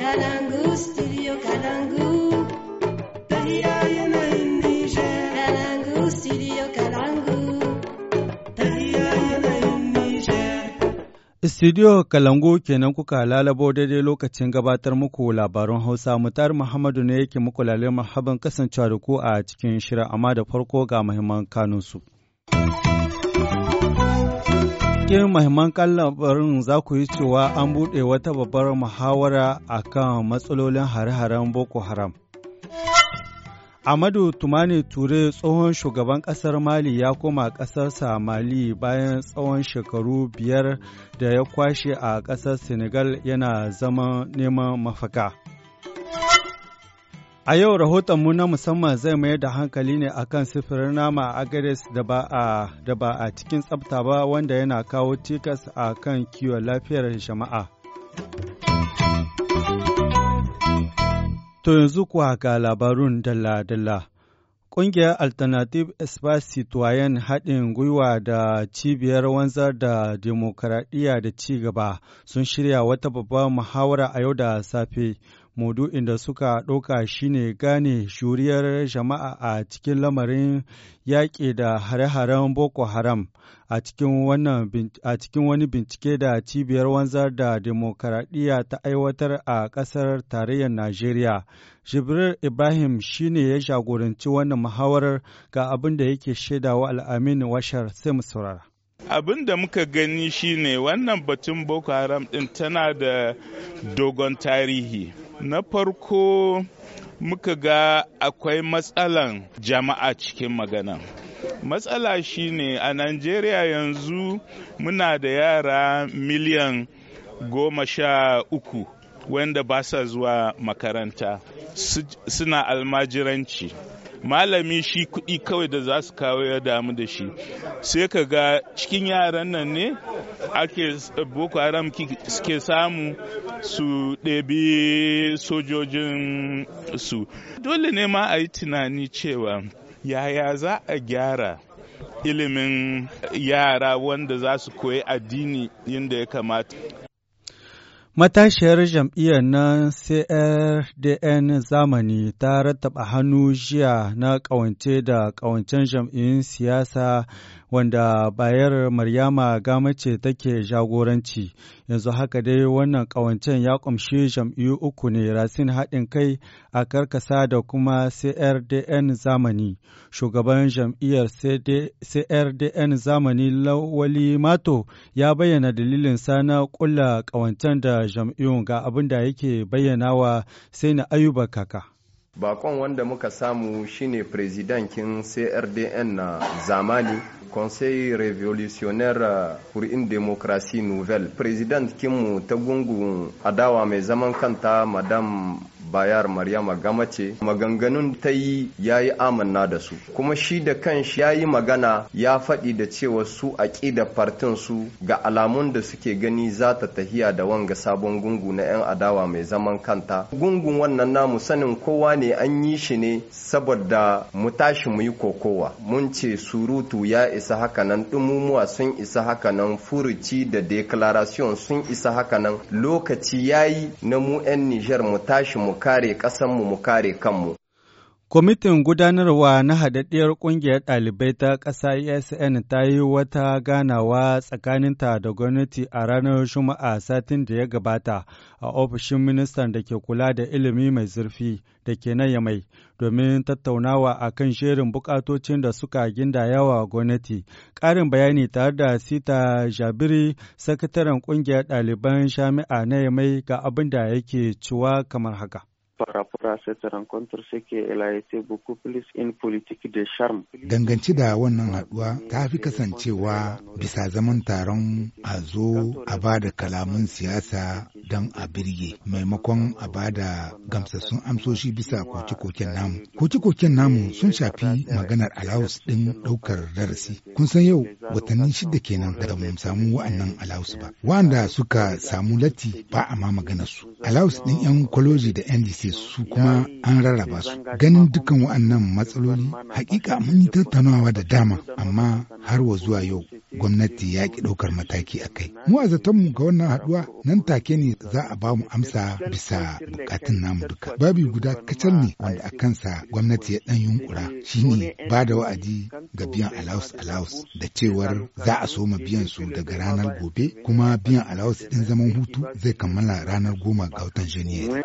Kalangu, studio Kalangu. kenan kuka lalabo daidai lokacin gabatar muku labarun Hausa mutar Muhammadu ne yake muku lalle kasancewa da ku a cikin shirin amma da farko ga muhimman kanunsu. cikin mahimman kallon za ku yi cewa an buɗe wata babbar muhawara a kan matsalolin hare-haren Boko Haram. Amadu Tumani Ture tsohon shugaban ƙasar Mali ya koma ƙasarsa Mali bayan tsawon shekaru biyar da ya kwashe a ƙasar Senegal yana zama neman mafaka. A yau rahotonmu na musamman zai mayar da hankali ne a kan sifirin nama a Agares da ba a cikin tsafta ba wanda yana kawo cikas a kan kiwon lafiyar jama'a. To yanzu kuwa ga labarun dalla-dalla. Ƙungiyar Alternative Espace haɗin gwiwa da Cibiyar Wanzar da Demokaradiyya da Ci Gaba sun shirya wata babbar muhawara a yau da safe maudu'in da suka ɗauka shine gane shuriyar jama'a a cikin lamarin yaƙi da hare-haren Boko Haram a cikin wani bincike da cibiyar wanzar da demokaradiyya ta aiwatar a ƙasar tarayyar Najeriya. Jibril Ibrahim shine ya jagoranci wannan muhawarar ga abin da yake shaidawa al'amin washar sai mu abin da muka gani shine wannan batun boko haram din tana da dogon tarihi na farko muka ga akwai matsalan jama'a cikin magana matsala shine a najeriya yanzu muna da yara miliyan goma sha uku wanda ba sa zuwa makaranta suna almajiranci malami shi kuɗi kawai da za su kawo ya damu da shi sai ka ga cikin yaran nan ne ake boko haram suke samu su ɗebi sojojin su dole ne ma a yi tunani cewa yaya za a gyara ilimin yara wanda za su koyi addini yadda ya kamata Matashiyar jam'iyyar na CRDN zamani ta rattaba hannu jiya na ƙawance da ƙawancen jam'iyyun siyasa wanda bayar Maryama Gamace take jagoranci. Yanzu haka dai wannan ƙawancen ya ƙumshi jam'iyyu uku ne Rasin haɗin kai a karkasa da kuma CRDN zamani. Shugaban jam'iyyar CRDN zamani Lawali Mato ya bayyana dalilin sana ƙulla ƙawancen da jam'iyyun ga abin da yake bayyana wa sai na ayuba kaka. bakon wanda muka samu shine firizidankin crdn na zamani conseil revolutionnaire pour une démocratie nouvelle mu ta gungun adawa mai zaman kanta madam bayar maryama gama ce maganganun ta yi ya yi amanna da su kuma shi da kanshi ya yi magana ya faɗi da cewa su a aƙida fartin su ga alamun da suke gani za ta tahiya da wanga sabon gungu na 'yan adawa mai zaman kanta gungun wannan namu sanin kowa ne an yi shi ne saboda mu tashi mu yi kokowa mun ce surutu ya isa hakanan dumumuwa sun isa hakanan furuci da declaration sun isa hakanan lokaci ya yi na mu 'yan nijar mu tashi mu kare ƙasanmu mu kare kanmu. Kwamitin gudanarwa na haɗaɗɗiyar ƙungiyar ɗalibai ta ƙasa ESN ta yi wata ganawa tsakaninta da gwamnati a ranar Juma'a satin da ya gabata a ofishin ministan da ke kula da ilimi mai zurfi da ke na Yamai domin tattaunawa a kan shirin bukatocin da suka gindayawa gwamnati. Ƙarin bayani tare da Sita Jabiri, sakataren ƙungiyar ɗaliban Shami'a na Yamai ga abin da yake ciwa kamar haka. par rapport à cette rencontre c'est qu'elle a été beaucoup plus une politique de charme. da wannan haduwa ta fi kasancewa bisa zaman taron a zo a ba da kalaman siyasa dan a birge maimakon a ba da gamsassun amsoshi bisa koke-koken namu. Koke-koken namu sun shafi maganar alawus ɗin ɗaukar darasi. Kun san yau watanni shida kenan da mun samu wa'annan alawus ba. Wanda suka samu latti ba a ma maganar Alawus ɗin 'yan kwaloji da NDC ce su kuma an rarraba su ganin dukkan wa'annan matsaloli hakika mun yi tattaunawa da dama amma har wa zuwa yau gwamnati ya ki ɗaukar mataki a kai. Mu a zatonmu ga wannan haɗuwa nan take ne za a ba mu amsa bisa bukatun namu duka. Babi guda kacal ne wanda a kansa gwamnati ya ɗan yunkura shine ba da wa'adi ga biyan alaus alaus da cewar za a soma biyan su daga ranar gobe kuma biyan alaus ɗin zaman hutu zai kammala ranar goma ga watan Janairu.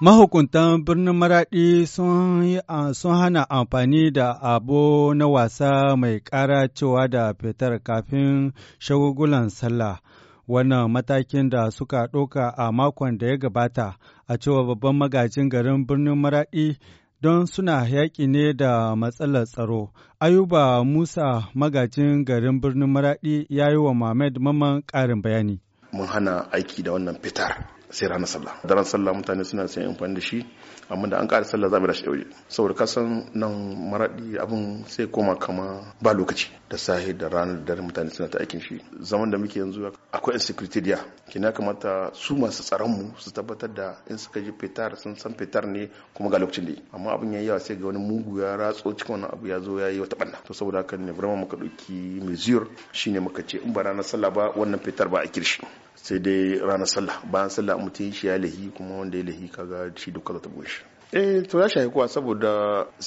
Mahukuntan birnin Maraɗi sun hana amfani da abu na wasa mai ƙara cewa da fitar kafin shagugulan sallah. Wannan matakin da suka ɗauka a makon da ya gabata a cewa babban magajin garin birnin Maraɗi don suna yaƙi ne da matsalar tsaro. Ayuba Musa magajin garin birnin Maraɗi ya yi wa Mohamed Maman ƙarin bayani. Mun hana aiki da wannan fitar. sai ranar sallah daren sallah mutane suna sayan amfani da shi amma da an ƙara sallah za mu dashi waje saboda kasan nan maraɗi abin sai koma kama ba lokaci da sahi da ranar dare mutane suna ta aikin shi zaman da muke yanzu akwai insecurity dia ya kamata su masu tsaron mu su tabbatar da in suka ji fitar sun san fitar ne kuma ga lokacin da amma abin yayi yawa sai ga wani mugu ya ratso cikin wannan abu ya zo ya yi wata banna to saboda haka ne vraiment muka ɗauki mezur shine muka ce in ba ranar sallah ba wannan fitar ba a kirshi sai dai ranar sallah bayan sallah mutum shi ya lahi kuma wanda ya lahi kaga shi duka za ta goshi eh to ya shahi kuwa saboda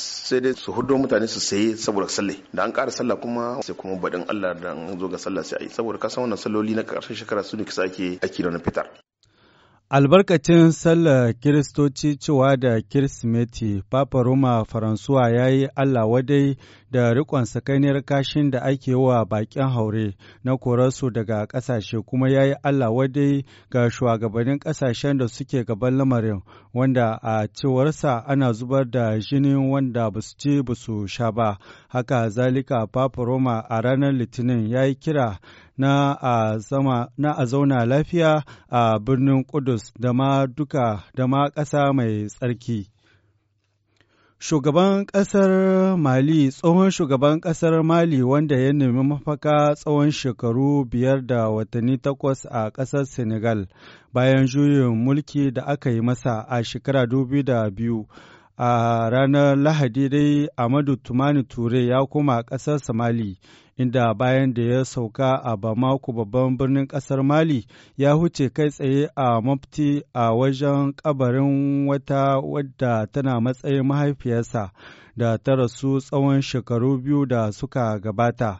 sai dai su hudo mutane su saye saboda sallah da an ƙara sallah kuma sai kuma baɗin Allah da an zo ga sallah sai a yi saboda kasan wannan salloli na ƙarshen shekara su ne kisa ake aiki da na fitar Albarkacin sallar Kiristoci cewa da Kirsimeti, Papa Roma Faransuwa ya yi Allah wadai da rikon sakainiyar kashin da ake wa bakin haure na korarsu daga ƙasashe kuma ya yi Allah wadai ga shugabannin ƙasashen da suke gaban lamarin wanda a cewarsa ana zubar da jinin wanda ba su ci ba su sha ba. Haka zalika Papa Roma a ranar Litinin ya yi kira na a zauna lafiya a birnin Kudus da ma duka da ma ƙasa mai tsarki. Shugaban ƙasar Mali, tsohon shugaban ƙasar Mali wanda ya nemi mafaka tsawon shekaru biyar da watanni takwas a ƙasar Senegal bayan juyin mulki da aka yi masa a shekara dubu da biyu. a ranar Lahadi dai Amadu Tumani Ture ya koma ƙasar Somali, inda bayan da ya sauka a Bamako babban birnin ƙasar Mali ya huce kai tsaye a mafti a wajen kabarin wata wadda tana matsayin mahaifiyarsa da ta rasu tsawon shekaru biyu da suka gabata.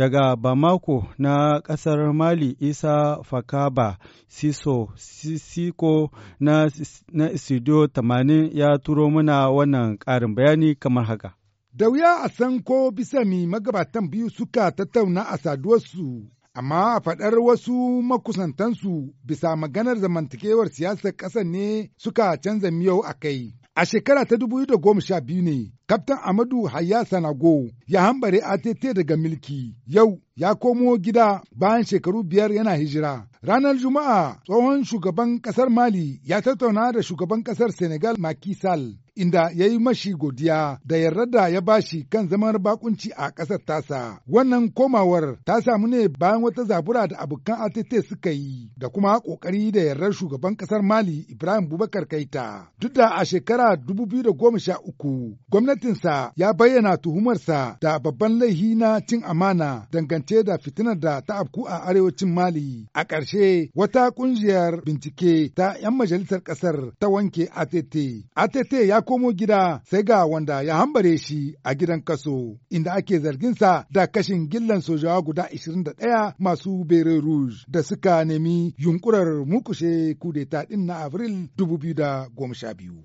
Daga Bamako na ƙasar Mali Isa Fakaba Siso Sisiko na, na Studio 80 ya turo muna wannan ƙarin bayani kamar haka. Da wuya a san ko bisa mi magabatan biyu suka tattauna a saduwarsu, amma a faɗar wasu makusantansu bisa maganar zamantakewar siyasar ƙasar ne suka canza miyau a kai. A shekara ta 2012 ne, Kaftan Amadu Hayya Sanago ya hambare ATT daga milki, yau ya komo gida bayan shekaru biyar yana hijira. Ranar Juma'a, tsohon shugaban ƙasar Mali ya tattauna da shugaban ƙasar Senegal Macky Sall inda ya yi mashi godiya da yarda da ya bashi kan zamar bakunci a ƙasar tasa. Wannan komawar ta samu ne bayan wata zabura da abokan ATT suka yi da kuma ƙoƙari da yardar shugaban ƙasar Mali Ibrahim Bubakar Kaita. Duk da a shekara goma sha 2013 gwamnatinsa ya bayyana tuhumarsa da babban laihi na cin amana dangance da fitinar da ta afku a arewacin Mali. A ƙarshe wata ƙungiyar bincike ta 'yan majalisar ƙasar ta wanke ATT. ATT ya komo gida sai ga wanda ya hambare shi a gidan kaso inda ake zarginsa da kashin gillan sojawa guda 21 masu bere rouge da suka nemi yunkurar mukushe kudeta din na avril 2012.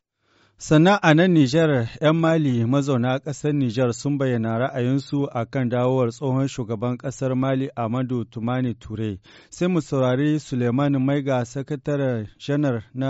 Sana'a a nan Nijar, ‘yan Mali mazauna ƙasar Nijar sun bayyana ra'ayinsu a kan dawowar tsohon shugaban ƙasar Mali Amadu Tumani Ture. Sai mu saurari Suleiman Maiga, sakataren janar na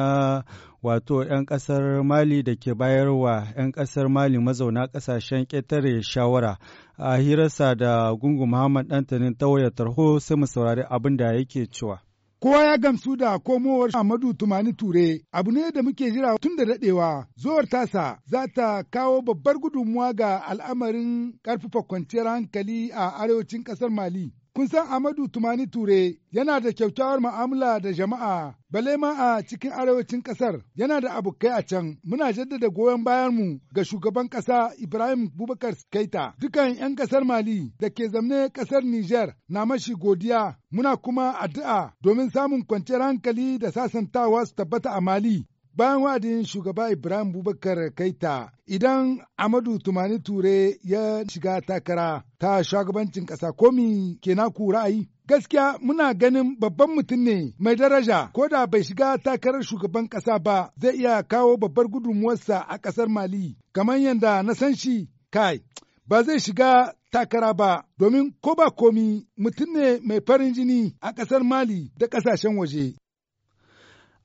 wato 'yan ƙasar Mali da ke bayar wa 'yan ƙasar Mali mazauna ƙasashen ƙetare shawara. A hirarsa da gungun Muhammad Dantanin ta wayar tarho sai mu saurari abin da yake cewa. Kowa ya gamsu da komowar Amadu Tumani Ture abu ne da muke jira tun da daɗewa zuwar tasa za ta kawo babbar gudunmuwa ga al'amarin ƙarfafa kwanciyar hankali a arewacin ƙasar Mali. Kun san Amadu Tumani Ture yana da kyautawar mu'amala da jama'a, bale ma a cikin arewacin ƙasar yana da abokai a can. Muna jaddada goyon bayanmu ga shugaban ƙasa Ibrahim Bubakar Keita. Dukan 'yan ƙasar Mali da ke zamne ƙasar Nijar na mashi godiya, muna kuma addu'a domin samun kwanciyar hankali da sasantawa su tabbata a Mali. bayan wa'adin shugaba Ibrahim Bubakar Kaita idan Amadu Tumani Ture ya shiga takara ta shugabancin ƙasa komi ke naku ra'ayi? Gaskiya muna ganin babban mutum ne mai daraja ko da bai shiga takarar shugaban ƙasa ba zai iya kawo babbar gudunmuwarsa a ƙasar Mali kamar yadda na san shi kai ba zai shiga takara ba domin ko ba komi mutum ne mai farin jini a ƙasar Mali da ƙasashen waje.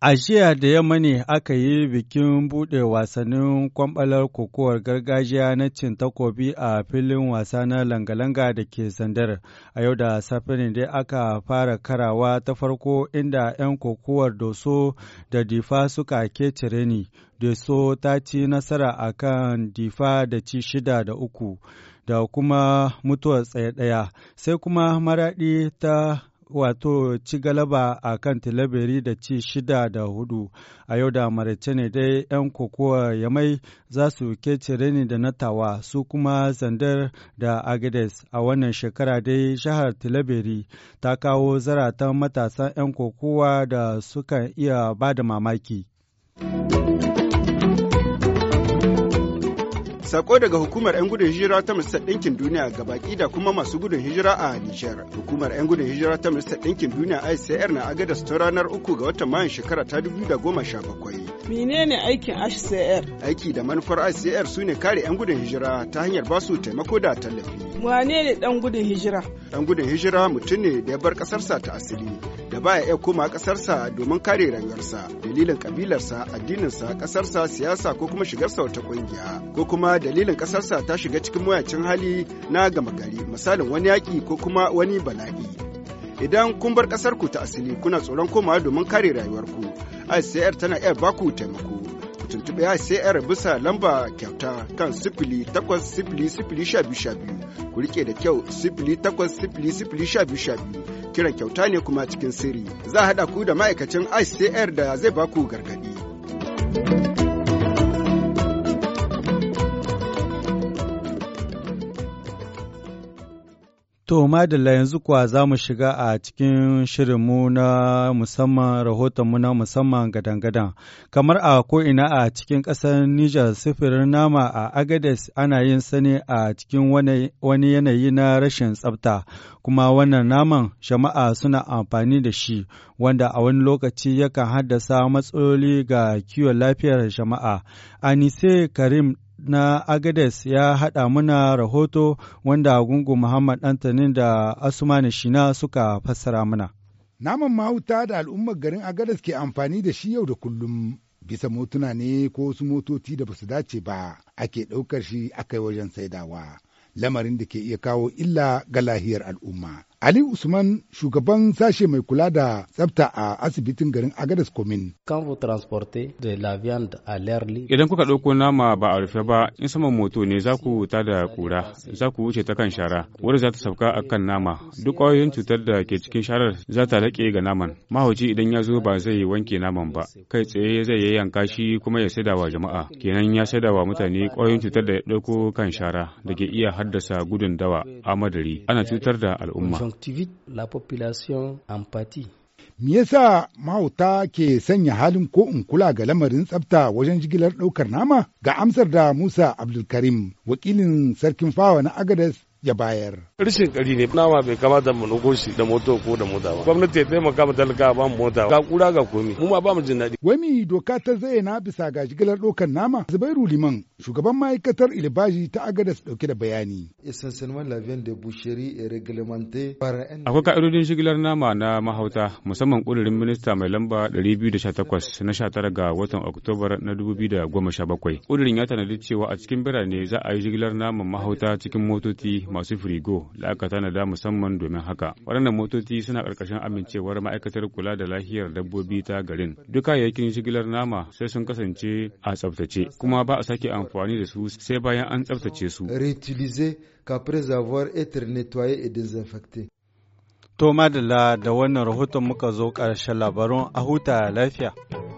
A jiya da yamma ne aka yi bikin buɗe wasannin kwamɓalar kokowar gargajiya na cin takobi a filin wasa na langalanga da ke zandar. A yau da safe ne dai aka fara karawa ta farko inda 'yan kokowar doso da difa suka kecire ni. Doso ta ci nasara a kan difa da ci shida da uku da kuma mutuwar tsaye ɗaya. Sai kuma maraɗi ta wato ci galaba a kan tilabiri da ci shida da hudu a yau da maraice ne dai 'yan kokowa mai za su kece reni da natawa su kuma zandar da agades a wannan shekara dai shahar tilabiri ta kawo zaratan matasan 'yan kokowa da suka iya ba da mamaki. Sako daga hukumar 'yan gudun hijira ta Majalisar Ɗinkin Duniya ga baki da kuma masu gudun hijira a Nijar. Hukumar 'yan gudun hijira ta Majalisar Ɗinkin Duniya ICR na agada su ta ranar uku ga watan Mayun shekara ta da goma sha bakwai. Menene aikin ICR? Aiki da manufar ICR su ne kare 'yan gudun hijira ta hanyar basu taimako da tallafi. wane ne dan gudun hijira dan gudun hijira mutum ne da ya bar kasarsa ta asali da baya iya koma kasarsa domin kare rayuwarsa, dalilin kabilarsa addininsa kasarsa siyasa ko kuma shigarsa wata kungiya ko kuma dalilin kasarsa ta shiga cikin mayacin hali na gama gari misalin wani yaƙi ko kuma wani bala'i idan kun bar ƙasarku ta asali kuna tsoron komawa domin kare rayuwarku ICR tana iya baku taimako tuntuɓe ICR bisa lamba kyauta kan sifili takwas sifili sifili sha biyu sha biyu ku riƙe da kyau sifili takwas sifili sifili sha biyu sha biyu kiran kyauta ne kuma cikin sirri za a haɗa ku da ma'aikacin ICR da zai baku gargaɗi. To, madalla yanzu kuwa za mu shiga a cikin shirinmu na musamman rahotonmu na musamman gadan-gadan. Kamar a ko'ina a cikin ƙasar Nijar sifirin nama a Agades ana yin sani a cikin wani yanayi na rashin tsafta, kuma wannan naman jama'a suna amfani da shi, wanda a wani lokaci yakan haddasa matsaloli ga kiwon lafiyar jama'a. Anise Karim na Agades ya haɗa muna rahoto wanda gungu Muhammad Antanin da Asumani Shina suka fassara mana. Naman mahauta da al'ummar garin Agades ke amfani da shi yau da kullum. bisa motuna ne ko wasu motoci da basu dace ba ake ɗaukar shi akai wajen saidawa lamarin da ke iya kawo illa ga lahiyar al'umma Ali Usman shugaban sashe mai kula da tsafta a asibitin garin Agadas Komin. Kan vous transporter de la viande à l'air Idan kuka ɗauko nama ba a rufe ba in saman moto ne za ku ta da kura za ku wuce ta kan shara wadda za ta sauka a kan nama duk ƙwayoyin cutar da ke cikin sharar za ta laƙe ga naman mahauci idan ya zo ba zai wanke naman ba kai tsaye zai yi yanka shi kuma ya saida wa jama'a kenan ya saida wa mutane ƙwayoyin cutar da ya ɗauko kan shara da ke iya haddasa gudun dawa a madari ana cutar da al'umma. conjonctivite la population en pâtit. Me yasa mahauta ke sanya halin ko in kula ga lamarin tsafta wajen jigilar ɗaukar nama? Ga amsar da Musa Abdulkarim, wakilin sarkin fawa na Agadas ya bayar. Rishin kari ne nama bai kamata mu nuko shi da moto ko da mota ba. Gwamnati ya taimaka mu talaka ba mu mota ga kura ga komi mu ma ba mu jin daɗi. Wai doka ta zayyana bisa ga jigilar ɗaukar nama? Zubairu Liman shugaban ma'aikatar Ilbaji ta Agadas dauke da bayani. Akwai ka'idodin jigilar nama na mahauta musamman ƙudurin minista mai lamba 218 na 19 ga watan Oktoba na 2017. Ƙudurin ya tanadi cewa a cikin birane za a yi jigilar naman mahauta cikin motoci masu firigo da aka tanada musamman domin haka. Waɗannan motoci suna ƙarƙashin amincewar ma'aikatar kula da lafiyar dabbobi ta garin. Duk kayayyakin shigilar nama sai sun kasance a tsaftace, kuma ba a sake amfani da su sai bayan an tsaftace su. To madalla da wannan rahoton muka zo ƙarshen labarun a huta lafiya.